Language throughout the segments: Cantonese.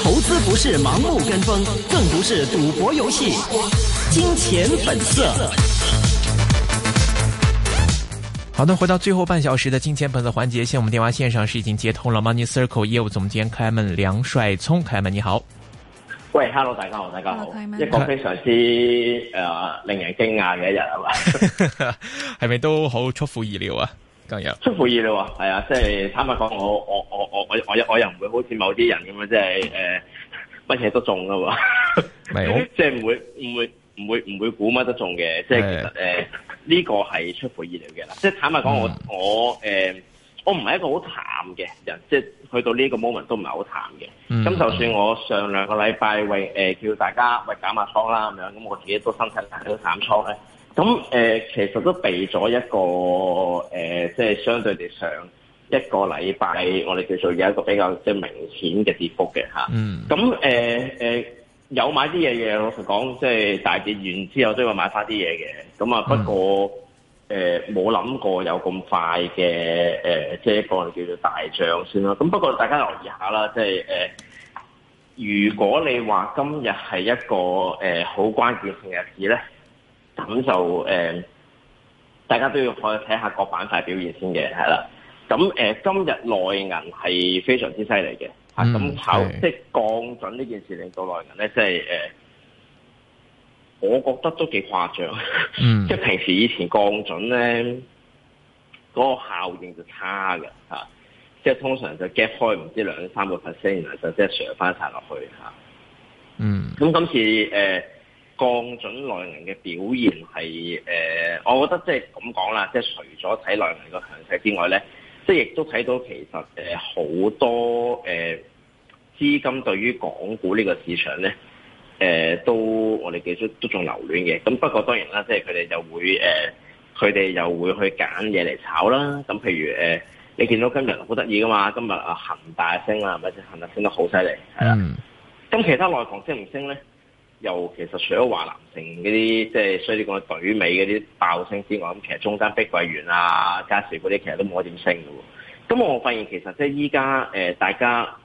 投資不是盲目跟風，更不是賭博遊戲。金錢本色。好的，那回到最後半小時的金錢本色環節，現在我們電話線上是已經接通了 Money Circle 業務總監 Clement 梁帥聰，Clement 你好。喂，Hello，大家好，大家好。Hello, everyone. 一個非常之はは 呃令人驚訝的一日啊嘛，係咪 都好出乎意料啊？今日出乎意料喎，係啊，即係坦白講，我我我我我我我又唔會好似某啲人咁樣，即係誒乜嘢都中噶喎，即係唔會唔 會唔會唔會估乜都中嘅，即、就、係、是、其實誒呢、呃、的個係出乎意料嘅啦。即係、嗯啊、坦白講，我我誒、呃、我唔係一個好淡嘅人，即、就、係、是、去到呢個 moment 都唔係好淡嘅。咁、嗯啊、就算我上兩個禮拜為誒、呃、叫大家喂減下倉啦咁樣，咁我自己都身體都減倉咧。咁、呃、其實都避咗一個、呃、即係相對地上一個禮拜，我哋叫做有一個比較即係明顯嘅跌幅嘅嚇。咁誒、mm. 呃呃、有買啲嘢嘅，我同你講即係大節完之後都話買翻啲嘢嘅。咁啊，不過誒冇諗過有咁快嘅、呃、即係一個我叫做大漲先啦。咁不過大家留意下啦，即係、呃、如果你話今日係一個誒好、呃、關鍵性日子咧，咁就、呃、大家都要可以睇下各板塊表現先嘅，係啦。咁、嗯嗯、今日內銀係非常之犀利嘅嚇，咁炒、嗯、即降準呢件事令到內銀咧，即係、呃、我覺得都幾誇張。嗯、即係平時以前降準咧，嗰、那個效應就差嘅、啊、即係通常就 gap 開唔知兩三個 percent，然後即係上翻曬落去嚇。啊、嗯，咁今次、呃降準內銀嘅表現係誒、呃，我覺得即係咁講啦，即係除咗睇內銀個強勢之外咧，即係亦都睇到其實誒好、呃、多誒、呃、資金對於港股呢個市場咧誒、呃、都我哋記住都仲留戀嘅。咁不過當然啦，即係佢哋就會誒，佢、呃、哋又會去揀嘢嚟炒啦。咁譬如誒、呃，你見到今日好得意㗎嘛？今日啊恆大升啦，係咪先？恆大升得好犀利，係啦。咁、嗯、其他內房升唔升咧？又其實除咗華南城嗰啲即係所以啲講隊尾嗰啲爆升之外，咁其實中間碧桂園啊、嘉士嗰啲其實都冇乜點升嘅喎。咁我發現其實即係依家誒大家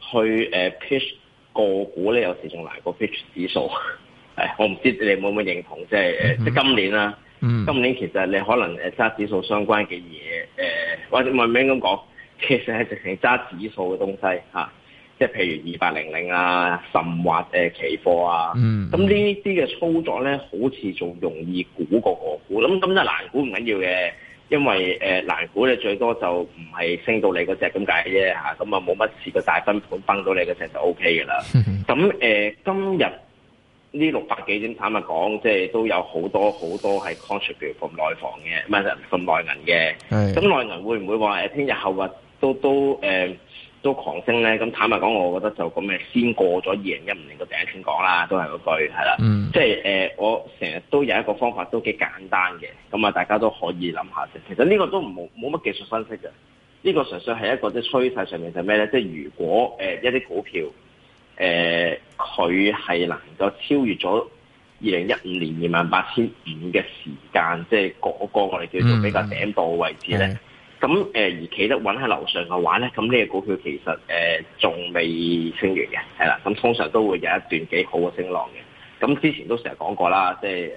去誒 pitch 個股咧，有時仲難過 pitch 指數。誒、哎，我唔知你有冇咁認同，即係即係今年啦。嗯、今年其實你可能誒揸指數相關嘅嘢，誒、呃、或者冒名咁講，其實係淨係揸指數嘅東西嚇。啊即係譬如二百零零啊，甚或誒、呃、期貨啊，咁呢啲嘅操作咧，好似仲容易估過個股。咁咁就難估唔緊要嘅，因為誒、呃、難估咧，最多就唔係升到你嗰隻咁解啫嚇。咁啊冇乜事個大分盤崩到你嗰隻就 O K 嘅啦。咁誒、 嗯呃、今日呢六百幾點，坦白講，即係都有好多好多係 contributor 內房嘅，唔係啦，內銀嘅。咁內銀會唔會話誒聽日後日都都誒？呃都狂升咧，咁坦白講，我覺得就咁嘅先過咗二零一五年個頂先講啦，都係嗰句係啦。即係誒，我成日都有一個方法都幾簡單嘅，咁啊大家都可以諗下先。其實呢個都冇冇乜技術分析嘅，呢個純粹係一個即係趨勢上面就咩咧？即係如果誒一啲股票誒佢係能夠超越咗二零一五年二萬八千五嘅時間，即係嗰個我哋叫做比較頂度嘅位置咧。嗯嗯嗯咁誒而企得穩喺樓上嘅話咧，咁呢個股票其實誒仲未升完嘅，係啦，咁通常都會有一段幾好嘅升浪嘅。咁之前都成日講過啦，即係誒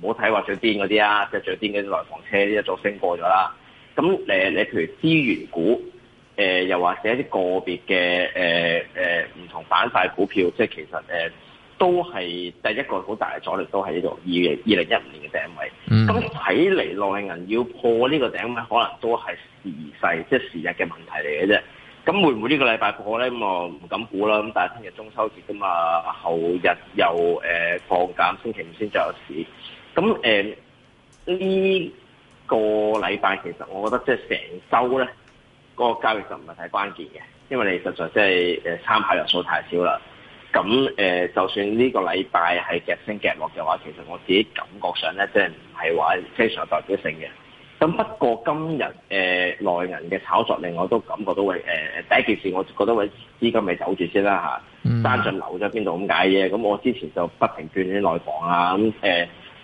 唔好睇話最癲嗰啲啊，即係最癲嗰啲內房車一早升過咗啦。咁誒，你譬如資源股，誒又或者一啲個別嘅誒唔同板塊股票，即係其實誒。都係第一個好大嘅阻力都，都係呢度。二零二零一五年嘅頂位。咁睇嚟，內銀要破呢個頂位，可能都係時勢，即係時日嘅問題嚟嘅啫。咁會唔會呢個禮拜破咧？咁我唔敢估啦。咁但係聽日中秋節噶嘛，後日又呃放假，星期五先再有市。咁呢、呃呢個禮拜其實我覺得即係成周咧，嗰個交易就唔係太關鍵嘅，因為你實在即係參考人數太少啦。咁誒、呃，就算呢個禮拜係夾升夾落嘅話，其實我自己感覺上咧，即係唔係話非常有代表性嘅。咁不過今日誒、呃、內銀嘅炒作，令我都感覺到會誒、呃、第一件事，我覺得會資金咪走住先啦嚇，嗯、單純留咗邊度咁解嘅。咁我之前就不停轉啲內房啊，咁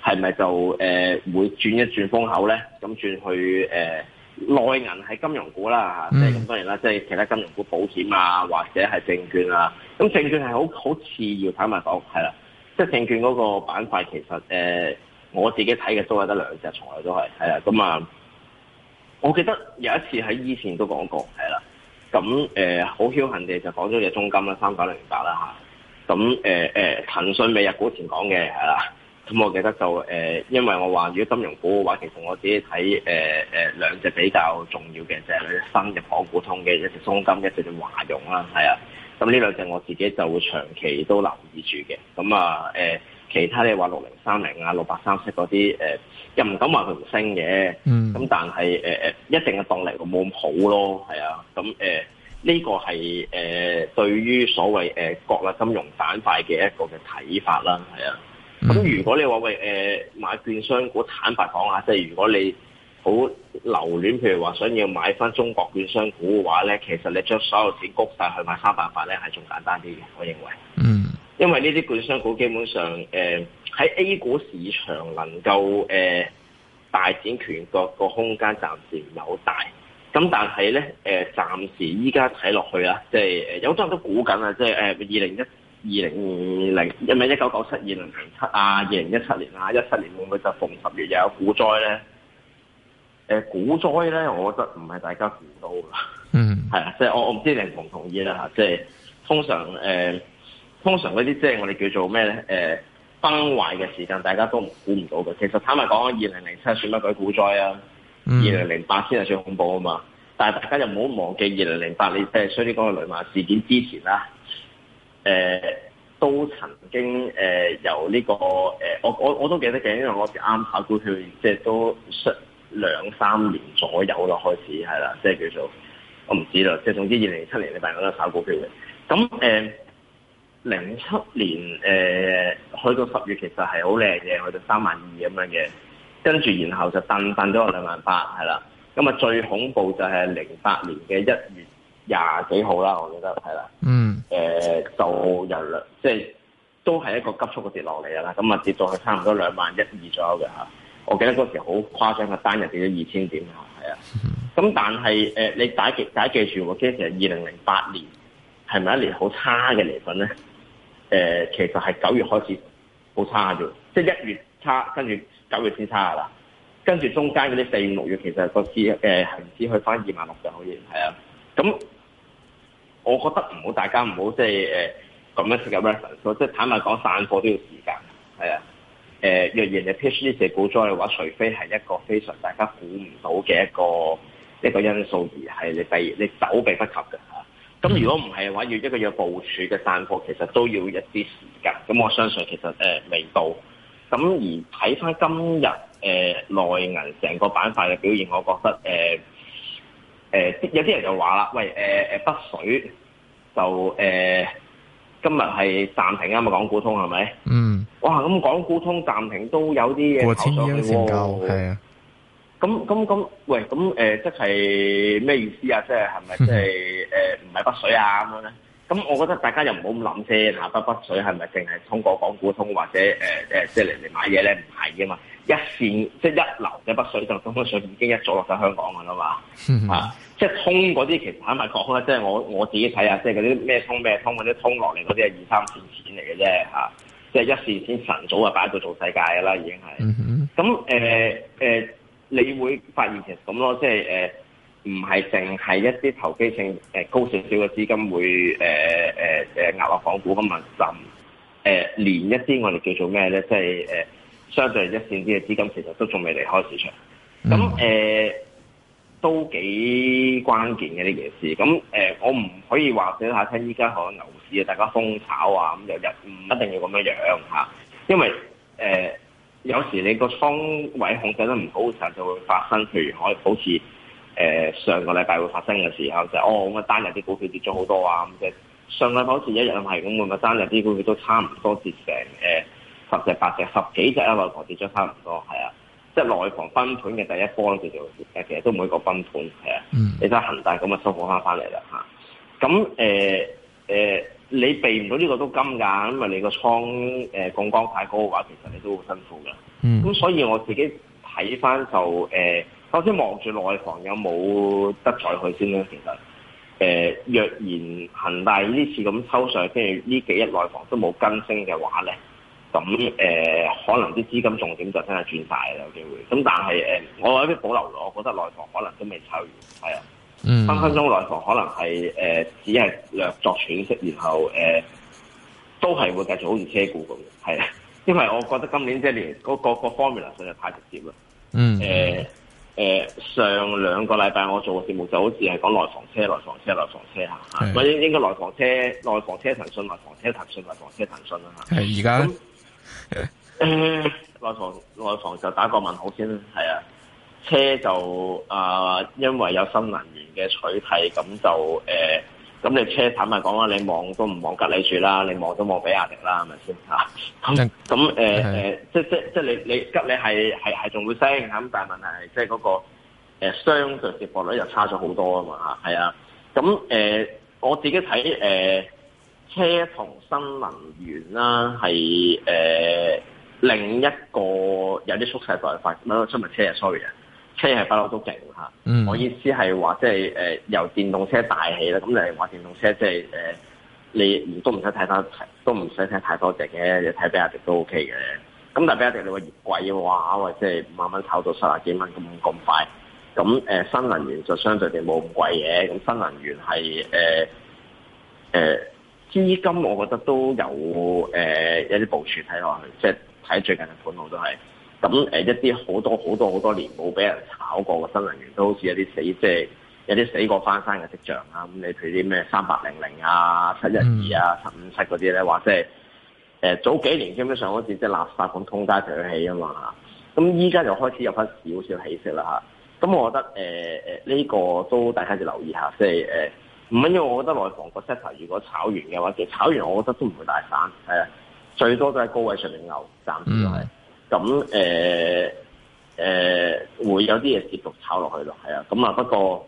係咪就誒、啊、會轉一轉風口咧？咁、啊、轉去誒？啊內銀係金融股啦嚇，即係咁當然啦，即係，嗯、其他金融股、保險啊，或者係證券啊。咁證券係好好次要，坦白講，係啦。即係證券嗰個板塊其實誒、呃，我自己睇嘅都係得兩隻，從來都係係啦。咁啊，我記得有一次喺以前都講過，係啦。咁誒，好僥幸地就講咗隻中金啦，三九零八啦嚇。咁誒誒，騰訊未入股前講嘅係啦。咁我記得就誒、呃，因為我話如果金融股嘅話，其實我自己睇誒、呃呃、兩隻比較重要嘅就係、是、兩隻港股通嘅，一隻中金，一隻華融啦，係啊。咁呢兩隻我自己就會長期都留意住嘅。咁啊、呃、其他你話六零三零啊、六八三七嗰啲又唔敢話佢唔升嘅，咁、嗯、但係、呃、一定嘅動力冇咁好咯，係啊。咁誒呢個係、呃、對於所謂誒、呃、國內金融板塊嘅一個嘅睇法啦，係啊。咁、嗯、如果你話喂誒、呃、買券商股坦白講下，即係如果你好留戀，譬如話想要買翻中國券商股嘅話咧，其實你將所有錢谷晒去買三百八咧係仲簡單啲嘅，我認為。嗯，因為呢啲券商股基本上誒喺、呃、A 股市場能夠誒、呃、大展拳腳個空間暫時唔係好大。咁但係咧、呃、暫時依家睇落去啦，即、就、係、是、有好多人都估緊啊，即係誒二零一。呃二零二零，因為一九九七二零零七啊，二零一七年啊，一七年會唔會就逢十月又有股災咧？股、呃、災咧，我覺得唔係大家估到噶。嗯，係啊、即係即係呃，即係我我唔知你同唔同意啦嚇。即係通常通常嗰啲即係我哋叫做咩咧？誒、呃、崩壞嘅時間，大家都估唔到嘅。其實坦白講，二零零七算乜鬼股災啊？二零零八先係最恐怖啊嘛。嗯、但係大家又唔好忘記，二零零八你即係，所以講嘅雷曼事件之前啦、啊。誒、呃、都曾經誒、呃呃、由呢、這個、呃、我我我都記得嘅，因為我啱炒股票，即係都出兩三年左右咯，開始係啦，即係叫做我唔知啦，即係總之二零零七年你大家都炒股票嘅，咁誒零七年誒、呃、去到十月其實係好靚嘅，去到三萬二咁樣嘅，跟住然後就掙掙咗兩萬八係啦，咁、嗯、啊最恐怖就係零八年嘅一月。廿幾號啦，我記得係啦。嗯。誒、mm. 呃，就有兩即係都係一個急速嘅跌落嚟啦。咁啊跌到去差唔多兩萬一二左右嘅嚇。我記得嗰時好誇張嘅單日跌咗二千點嚇，係啊。咁但係誒、呃，你大家記大家記住我喎、呃，其實二零零八年係咪一年好差嘅年份咧？誒、就是，其實係九月開始好差嘅，即係一月差，跟住九月先差啦。跟住中間嗰啲四五六月其實個市誒行市去翻二萬六就好似係啊。咁我覺得唔好，大家唔好即係誒咁樣食嘅 reaction 即係坦白講，散貨都要時間，係啊。誒、呃、若然你 patch 呢隻股災嘅話，除非係一個非常大家估唔到嘅一個一個因素，而係你避你手避不及嘅嚇。咁如果唔係嘅話，要一個要部署嘅散貨，其實都要一啲時間。咁我相信其實誒、呃、未到。咁而睇翻今日誒內銀成個板塊嘅表現，我覺得誒。呃誒、呃，有啲人就話啦，喂，誒、呃、誒，北水就誒、呃，今日係暫停啊嘛，港股通係咪？嗯。哇，咁港股通暫停都有啲嘢跑上去喎。係啊。咁咁咁，喂，咁誒、呃、即係咩意思啊？即係係咪即係誒唔係北水啊咁樣咧？咁 我覺得大家又唔好咁諗先嚇，北北水係咪淨係通過港股通或者誒、呃、即係嚟嚟買嘢咧？唔係嘅嘛。一線即係一流嘅北水就通通水已經一早落咗香港噶啦嘛， 啊，即係通嗰啲其實坦白講啦，即係我我自己睇下，即係嗰啲咩通咩通或者通落嚟嗰啲係二三線錢嚟嘅啫嚇，即係一線錢晨早啊，擺喺度做世界噶啦已經係。咁誒誒，你會發現其實咁咯，即係誒唔係淨係一啲投機性誒、呃、高少少嘅資金會誒誒誒壓落港股咁滲，誒、呃、連一啲我哋叫做咩咧，即係誒。呃相對一線啲嘅資金其實都仲未離開市場，咁誒、mm. 呃、都幾關鍵嘅呢件事。咁、呃、誒，我唔可以話俾大家聽，依家可能牛市啊，大家瘋炒啊，咁又日唔一定要咁樣樣嚇。因為誒、呃、有時你個倉位控制得唔好嘅時候，就會發生。譬如我好似誒、呃、上個禮拜會發生嘅時候，就是、哦咁啊單日啲股票跌咗好多啊咁嘅。上禮拜好似一日咁係咁，每個單日啲股票都差唔多跌成誒。呃八隻八隻十幾隻啦，內房跌咗差唔多，係啊，即係內房崩盤嘅第一波叫做誒，其實都每一個崩盤係啊。嗯、你睇下恒大咁啊，收翻返嚟啦嚇。咁誒誒，你避唔到呢個都金㗎，因為你個倉誒槓桿太高嘅話，其實你都好辛苦㗎。咁、嗯、所以我自己睇翻就誒、呃，首先望住內房有冇得再去先啦。其實誒、呃，若然恒大呢次咁抽上，跟住呢幾日內房都冇跟升嘅話咧。咁誒、呃，可能啲資金重點就真係轉曬啦，有機會。咁但係誒、呃，我有啲保留。我覺得內房可能都未抽完，係啊，嗯、分分鐘內房可能係誒、呃，只係略作喘息，然後誒、呃，都係會繼續好似車股咁嘅，係、啊、因為我覺得今年即係連嗰個各方面嚟講就太直接啦，嗯誒上兩個禮拜我做嘅節目就好似係講內房車、內房車、內房車嚇嚇，應該內房車、內房車、騰、啊、訊、內是房車、騰訊、內房車騰訊、騰訊係而家。內、 呃、房內房就打個問號先，係啊，車就啊、呃，因為有新能源嘅取替，咁就誒，咁、呃、你車坦白講啦，你望都唔望隔籬住啦，你望都望比亞迪啦，係咪先吓？咁咁誒誒，即即即你你急你係係係仲會升，咁但係問題係即嗰個誒雙十接薄率又差咗好多啊嘛吓，係啊，咁、嗯、誒、呃，我自己睇誒。呃車同新能源啦，係、呃、誒另一個有啲速勢在發。咁啊，今日車 sorry 嘅，車係不嬲都勁嚇。我意思係話，即係誒由電動車大起啦。咁你話電動車，即係誒你都唔使睇翻，都唔使睇太多隻嘅，你睇比亞迪都 OK 嘅。咁但係比亞迪你話越貴嘅話，即係五萬蚊炒到三十幾蚊咁咁快。咁誒、呃、新能源就相對地冇咁貴嘅。咁新能源係誒誒。呃呃呃資金我覺得都有誒、呃、一啲部署睇落去，即係睇最近嘅盤我都係咁、嗯呃、一啲好多好多好多年冇俾人炒過嘅新能源都好似一啲死即係有啲死過翻生嘅跡象啦。咁你譬如啲咩三八零零啊，七一二啊，十五七嗰啲咧，話即係早幾年基本上好似即係垃圾咁通街上去起啊嘛。咁依家就開始有翻少少起色啦咁、嗯、我覺得誒呢、呃呢個都大家要留意下，即係唔緊要，因為我覺得內房個 set 如果炒完嘅話，其實炒完我覺得都唔會大反，係啊，最多都喺高位上面牛，暫時係。咁誒誒，會有啲嘢接續炒落去咯，係啊。咁啊，不過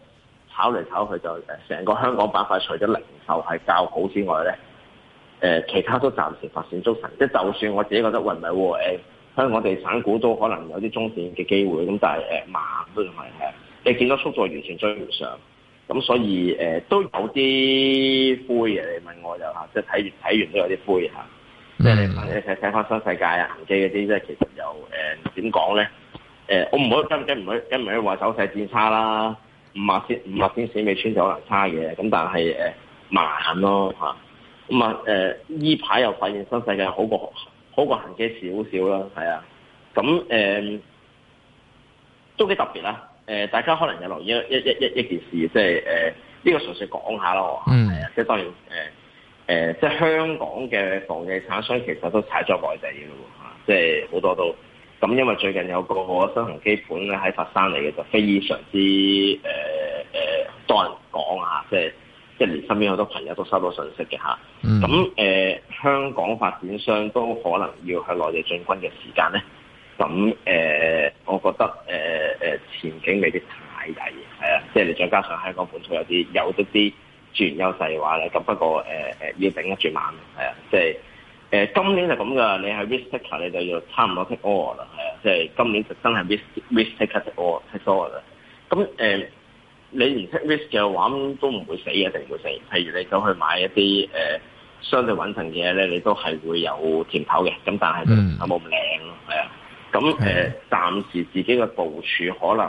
炒嚟炒去就誒，成個香港板塊除咗零售係較好之外咧，誒、呃、其他都暫時乏善足陳。即係就算我自己覺得，喂唔係喎，香港地產股都可能有啲中線嘅機會，咁但係誒、呃、慢都仲係係啊，你、呃、見到速度完全追唔上。咁所以誒、呃、都有啲灰嘅，你問我就嚇，即係睇完睇完都有啲灰嚇，即係、mm hmm. 你睇睇翻新世界啊行機嗰啲，即係其實又誒點講咧？誒、呃呃、我唔可以跟唔可以跟唔可以話走勢變差啦，五萬千五萬千四尾穿就可能差嘅，咁但係誒、呃、慢咯，咁啊，呢依排又發現新世界好過好過行機少少啦，係啊，咁誒、呃、都幾特別啦。誒、呃，大家可能有留意一一一一一件事，即係誒呢個純粹講下咯，係啊、mm. 呃，即係當然誒誒、呃，即係香港嘅房地產商其實都踩咗內地嘅喎、啊、即係好多都咁，因為最近有個個新型基本咧喺佛山嚟嘅，就非常之誒誒多人講啊，即係即係連身邊好多朋友都收到信息嘅嚇。咁誒、mm. 呃，香港發展商都可能要喺內地進軍嘅時間咧。咁誒、呃，我覺得誒。呃誒前景未必太抵，係啊，即係你再加上在香港本土有啲有啲啲自然優勢嘅話咧，咁不過誒誒、呃、要頂得住猛。係啊，即係誒、呃、今年就咁噶，你係 risk taker, 你就要差唔多 take all 啦，係啊，即係今年就真係 risk risk take all take all 啦。咁、呃、誒你唔 take risk 嘅話，都唔會死嘅，定唔會死。譬如你走去買一啲誒相對穩陣嘅嘢咧，你都係會有甜頭嘅。咁但係都冇咁靚，係啊。咁誒、呃，暫時自己嘅部署可能誒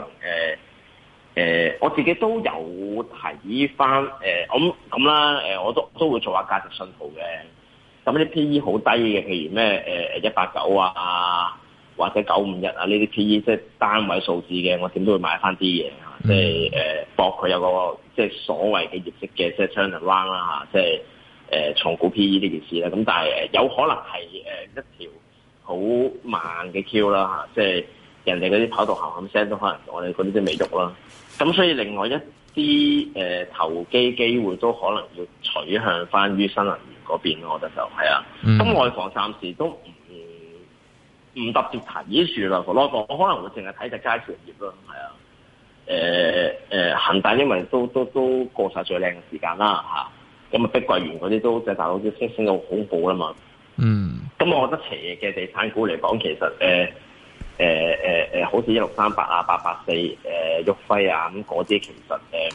誒、呃呃，我自己都有睇翻誒，咁咁啦誒，我都都會做下價值信號嘅。咁啲 P E 好低嘅，譬如咩誒一八九啊，或者九五一啊，呢啲 P E 即係單位數字嘅，我點都會買翻啲嘢啊，即係誒博佢有個即係所謂嘅業績嘅，即係 turnaround 啦嚇，即係誒重估 P E 呢件事啦，咁但係誒、呃、有可能係誒、呃、一條。好慢嘅 Q 啦嚇，即係人哋嗰啲跑道行喊聲都可能，我哋嗰啲都未喐啦。咁所以另外一啲誒、呃、投機機會都可能要取向翻於新能源嗰邊，我覺得就係啊。咁、嗯、外房暫時都唔唔特別睇住啦，外房我可能會淨係睇隻佳兆業咯，係啊。誒、呃、誒、呃，恒大因為都都都過晒最靚嘅時間啦嚇，咁啊碧桂園嗰啲都即係大佬都升升到好恐怖啦嘛。嗯。嗯咁我覺得其嘅地產股嚟講，其實誒誒、呃呃呃、好似一六三八啊 4,、呃、八八四、誒旭輝啊，咁嗰啲其實誒、呃、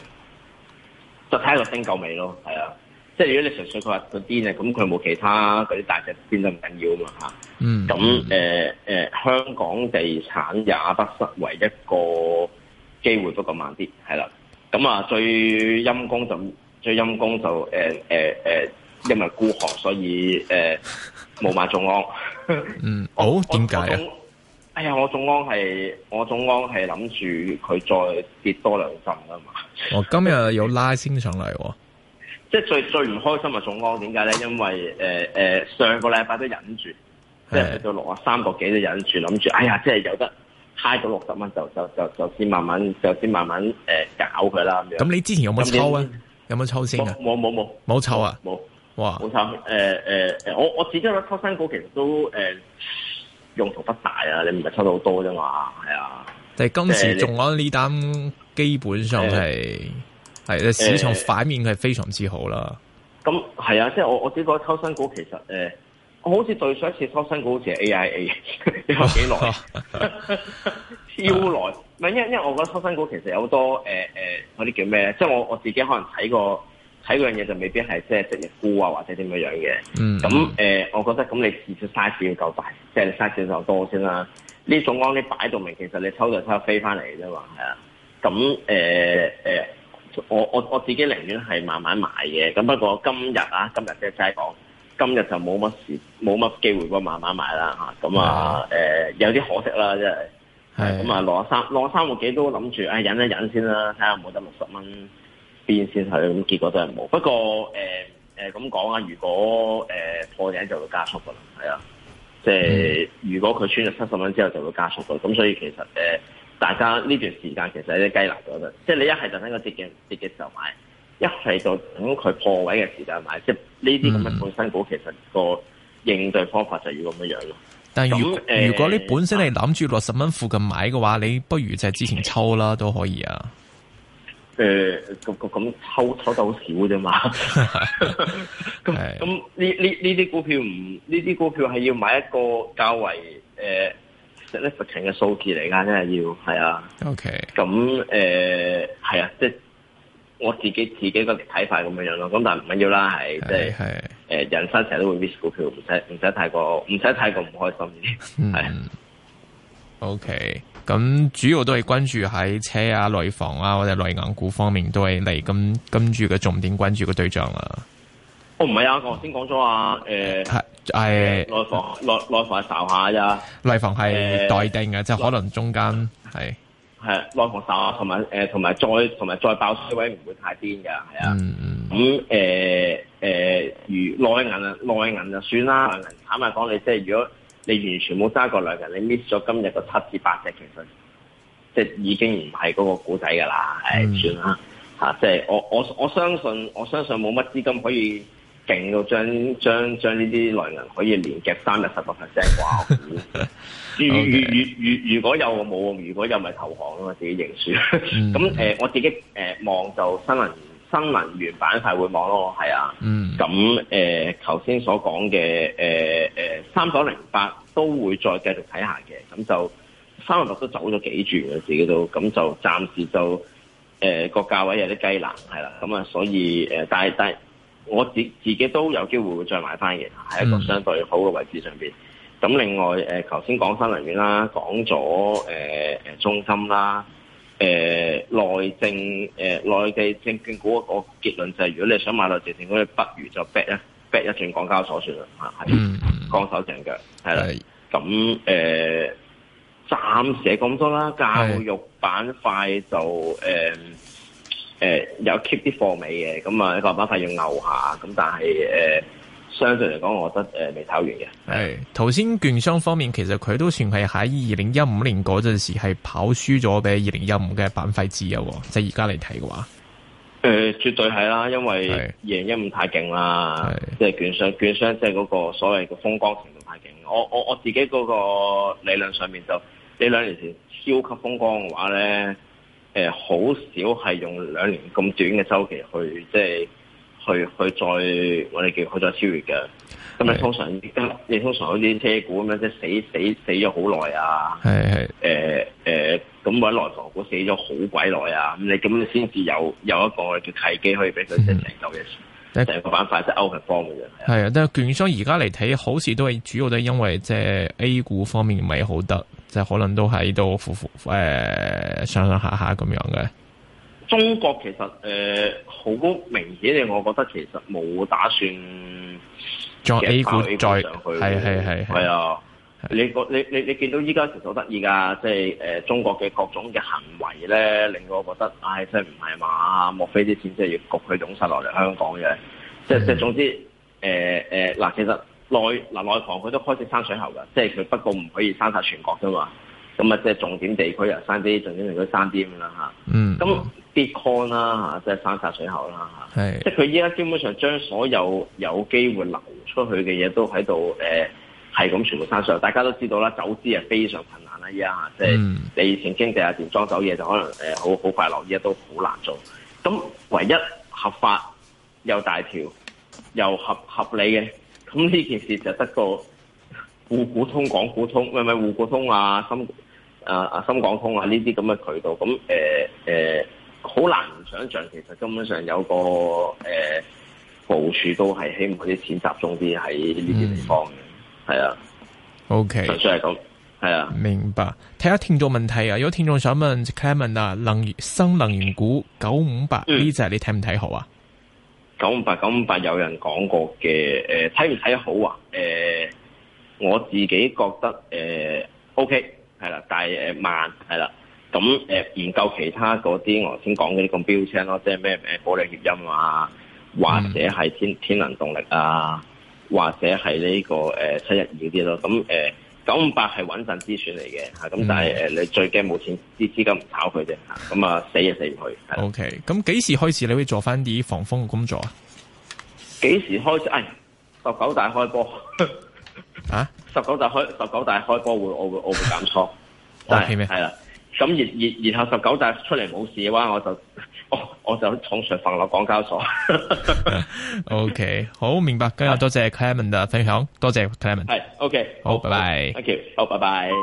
就睇一個升夠未咯，係啊！即係如果你純粹佢話佢癲嘅，咁佢冇其他嗰啲大隻癲就唔緊要啊嘛嚇，嗯。咁誒、呃呃、香港地產也不失為一個機會，不過不咁慢啲係啦。咁、嗯、啊、嗯嗯嗯就是，最陰公就最陰公就誒因為孤寒，所以誒。呃冇買眾安， 嗯，好、哦，點解啊？哎呀，我眾安係，我眾安係諗住佢再跌多兩陣啊嘛。 哦，今日有拉升上嚟，哦，即係最最唔開心嘅眾安點解咧？因為誒誒、呃呃，上個禮拜都忍住，即係的到六啊三個幾都忍住，諗住，哎呀，即係有得嗨到六十蚊，就就就就先慢慢，就先慢慢誒、呃、搞佢啦。咁你之前有冇抽啊？有冇抽先啊？冇冇冇冇抽啊？冇。哇！冇錯、呃呃，我我自己覺得抽新股其實都、呃、用途不大啊，你唔係抽到好多啫嘛，係啊。但係今次眾安呢單基本上係、呃、市場反面係非常之好啦、呃。咁、呃、係啊，即係我我自己覺得抽新股其實、呃、我好似對上一次抽新股好似係 AIA，有幾耐？超耐。因因為我覺得抽新股其實有好多啲、呃呃、叫咩即係我我自己可能睇過睇樣嘢就未必係即係食日沽啊，或者點樣樣嘅。咁誒、嗯呃，我覺得咁你至少嘥錢要夠大，即係嘥錢就是、你 size 多先啦。呢種安啲擺到明，其實你抽就抽回來，飛翻嚟啫嘛，係、嗯、啊。咁誒誒，我我我自己寧願係慢慢買嘅。咁不過今日啊，今日即係齋講，今日就冇乜事，冇乜機會噉慢慢買啦嚇。咁、嗯、啊誒、嗯，有啲可惜啦，真係。係是的、嗯。咁、嗯、啊，攞三攞三個幾都諗住，唉、哎，忍一忍先啦，睇下冇得六十蚊。邊先去咁？結果都係冇。不過誒誒咁講啊，如果誒、呃、破頂就會加速噶啦，係啊。即、就、係、是嗯、如果佢穿咗七十蚊之後，就會加速噶啦。咁所以其實誒、呃，大家呢段時間其實啲雞肋咗嘅，即係你一係就等個跌嘅跌嘅時候買，一係就等佢破位嘅時間買。即係呢啲咁嘅本身股，其實個應對方法就要咁樣樣咯。但係如果、呃、如果呢本身你諗住六十蚊附近買嘅話，你不如就係之前抽啦、嗯、都可以啊。誒，咁咁抽抽到好少啫嘛，咁咁呢呢呢啲股票唔，呢啲股票係要買一個較為誒，實際情況嘅數字嚟噶，真係要，係啊，OK，咁誒，係啊，即係 Okay.、嗯嗯啊、我自己自己個睇法咁樣樣咯，咁但係唔緊要啦，係即係誒，人生成日都會 miss 股票，唔使唔使太過，唔使太過唔開心，係、啊嗯，OK。咁主要都係關注喺車啊、內房啊或者內銀股方面都係嚟跟跟住嘅重點關注嘅對象啦、啊。哦，唔係啊，我頭先講咗啊，誒係係內房內內內房係查下咋？內、呃、房係待定嘅，呃、就可能中間係係內房查，同埋誒同埋再同埋再爆水位唔會太癲嘅，係啊。咁誒誒如內銀啊內銀就算啦，坦白講你即係如果。你完全冇揸過內銀，你 miss 咗今日個七至八隻，其實即係已經唔係嗰個故仔噶啦。誒、嗯，算啦嚇，即、啊、係、就是、我我我相信我相信冇乜資金可以勁到將將將呢啲內銀可以連夾三日十個 percent 掛股。如如如如果有冇，如果有咪投降咯，自己認輸。咁 誒那、嗯呃，我自己誒望、呃、就新能新能源板塊會望咯，係啊，咁誒頭先所講嘅誒誒三九零八都會再繼續睇下嘅，咁就三六六都走咗幾轉嘅自己都，咁就暫時就誒個、呃、價位有啲雞肋係啦，咁啊所以誒、呃，但係但係我自自己都有機會再買翻嘅，喺一個相對好嘅位置上邊。咁、嗯、另外誒頭先講新能源啦，講咗誒誒中心啦。誒，內、呃、政誒，內、呃、地證券股個結論就係、是，如果你想買內地證券，你不如就 bit bit 一轉港交所算啦，吓，係、嗯，手成腳，係啦，咁誒是，暫、呃、時咁多啦。教育板塊就誒，誒、呃呃，有 keep 啲貨尾嘅，咁啊，呢個板塊要牛下，咁但係誒。呃相對嚟講，我覺得誒未炒完嘅。係頭先券商方面，其實佢都算係喺二零一五年嗰陣時係跑輸咗俾二零一五嘅板塊自由喎。即係而家嚟睇嘅話，誒、呃、絕對係啦，因為二零一五太勁啦，即係是券商券商即係嗰個所謂嘅風光程度太勁。我我我自己嗰個理論上面就呢兩年前超級風光嘅話咧，誒、呃、好少係用兩年咁短嘅周期去即係。去去再我哋叫去再超越嘅，咁你通常是你通常嗰啲車股咁樣即係死死死咗好耐啊，係係誒誒，咁搵內房股死咗好鬼耐啊，咁你咁先至有有一個叫契機可以俾佢即係成嘅事，即係成個板塊即係 outperform 嘅，係是啊，但係券商而家嚟睇，好似都係主要都係因為即係 A 股方面唔係好得，即係可能都喺度附誒上上下下咁樣嘅。中國其實誒好、呃、明顯地，我覺得其實冇打算再 A 股再 A 股上去，係係係係啊！你個你你你見到依家其實好得意㗎，即係誒中國嘅各種嘅行為咧，令我覺得，唉、哎，真係唔係嘛？莫非啲錢真係要焗佢湧晒落嚟香港嘅？即係即係總之，誒誒嗱，其實內嗱內房佢都開始生水喉㗎，即係佢不過唔可以生晒全國啫嘛。咁啊，即係重點地區又升啲，D, 重點地區升啲咁啦嗯。咁 Bitcoin 啦的即係升晒水喉啦，即係佢依家基本上將所有有機會流出去嘅嘢都喺度係咁全部升上。大家都知道啦，走資係非常困難啦，依家即係以前經濟下電裝走嘢就可能好好快樂，依家都好難做。咁唯一合法又大條又合合理嘅，咁呢件事就得個滬股通港股通，唔係唔係滬股通啊深？啊啊！深港通啊，呢啲咁嘅渠道，咁誒誒，好、呃呃、難想象，其實根本上有個誒、呃、部署都係希望佢啲錢集中啲喺呢啲地方係啊。O K，純粹係咁，係啊。明白。睇下聽眾問題啊，有聽眾想問 Kevin 啊，能、新能源股九五八呢隻，你睇唔睇好啊？九五八九五八有人講過嘅，睇唔睇好啊、呃？我自己覺得誒 O K。呃 okay, 係啦，但係誒慢係啦，咁誒、呃、研究其他嗰啲我先講嗰啲咁標青咯，即係咩誒保利協鑫啊，或者係天天能動力啊，或者係呢、這個誒七一二啲咯，咁誒九五八係穩陣之選嚟嘅吓，咁但係誒、嗯、你最驚冇錢啲資金唔炒佢啫，咁啊死就死唔去。O K，咁幾時開始你會做翻啲防風嘅工作啊？幾時開始？誒、哎，十九大開波。 啊！十九大開十九大開波會我會我會減倉，係係啦，咁然然然後十九大出嚟冇事嘅話，我就我，我就重上份落港交所。 o、okay, K，好明白，今日多謝 Clement 嘅分享，是多謝 Clement 係，O K，okay, 好，拜拜。O K，好，拜拜 bye。